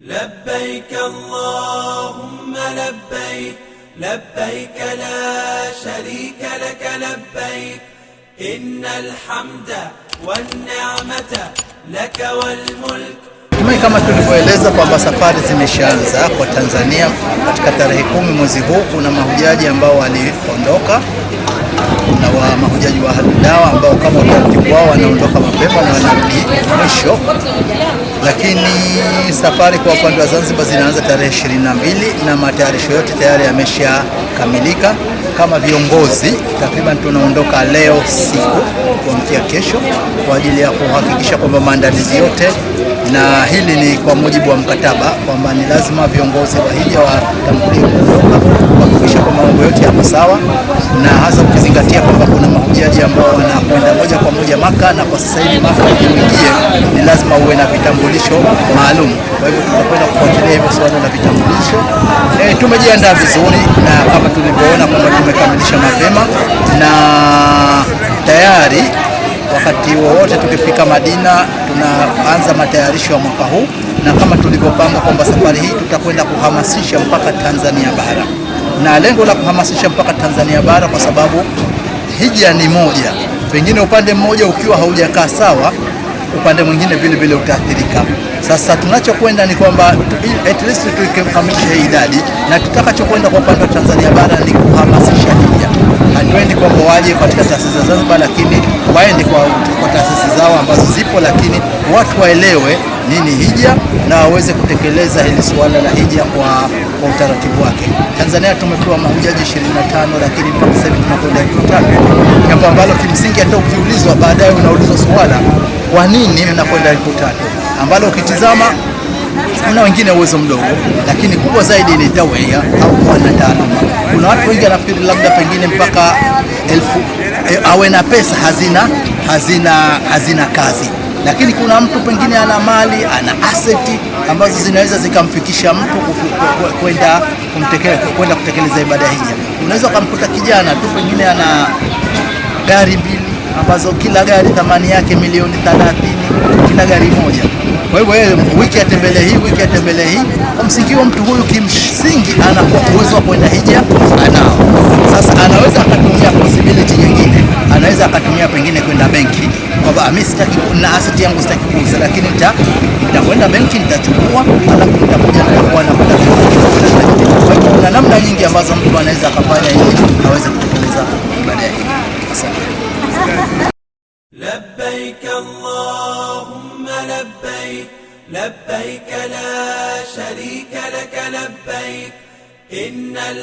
لبيك اللهم لبيك لبيك لا شريك لك لبيك إن الحمد والنعمة لك والملك kama tulivyoeleza kwamba safari zimeshaanza kwa Tanzania katika tarehe kumi mwezi huu, kuna mahujaji ambao waliondoka na wa mahujaji wa Ahlud ambao kama utaratibu wao wanaondoka mapema na wanarudi mwisho lakini safari kwa upande wa Zanzibar zinaanza tarehe 22 na matayarisho yote tayari yameshakamilika. Kama viongozi takriban tunaondoka leo siku kuamkia kesho kwa ajili ya kuhakikisha kwamba maandalizi yote, na hili ni kwa mujibu wa mkataba kwamba ni lazima viongozi wa hija watangulie kuondoka kuhakikisha kwamba mambo yote yako sawa, na hasa ukizingatia kwamba kuna mahujaji ambao wanakwenda moja kwa moja Maka, na kwa sasa hivi Maka ikiingie ni lazima uwe na vitambulisho maalum. Kwa hivyo tutakwenda kufuatilia hivyo swala la vitambulisho. E, tumejiandaa vizuri na kama tulivyoona kwamba tumekamilisha mapema na tayari wakati wowote tukifika Madina tunaanza matayarisho ya mwaka huu, na kama tulivyopanga kwamba safari hii tutakwenda kuhamasisha mpaka Tanzania bara na lengo la kuhamasisha mpaka Tanzania bara, kwa sababu hija ni moja, pengine upande mmoja ukiwa haujakaa sawa, upande mwingine vile vile utaathirika. Sasa tunachokwenda ni kwamba at least tuikamilishe hii idadi, na tutakachokwenda kwa upande wa Tanzania bara ni kuhamasisha hija. Hatuendi kwamba waje katika taasisi za Zanzibar, lakini waende kwa, kwa taasisi zao ambazo zipo, lakini watu waelewe nini hija na waweze kutekeleza hili suala la hija kwa, kwa utaratibu wake. Tanzania tumepewa mahujaji 25 lakini sasa tunakwenda elfu tatu jambo ambalo kimsingi hata ukiulizwa baadaye unaulizwa suala kwa nini mnakwenda elfu tatu ambalo ukitizama kuna wengine uwezo mdogo, lakini kubwa zaidi ni tawia au kuwa na taaluma. Kuna watu wengi anafikiri labda pengine mpaka elfu eh, awe na pesa hazina, hazina, hazina kazi lakini kuna mtu pengine ana mali ana aseti ambazo zinaweza zikamfikisha mtu kwenda kwenda kutekeleza ibada hija. Unaweza ukamkuta kijana tu pengine ana gari mbili ambazo kila gari thamani yake milioni 30, kila gari moja. Kwa hivyo yeye wiki atembele hii, wiki atembele hii. Kwa msingi huo, mtu huyu kimsingi anakuwa uwezo wa kwenda hija anao sasa deposit yangu sitakuuza, lakini nita nitakwenda benki nitachukua, alafu nitakuja nitakuwa na kuna namna nyingi ambazo mtu anaweza akafanya ili aweze kutekeleza ibada ya Asante. Labbaik Allahumma labbaik labbaik la sharika lak labbaik innal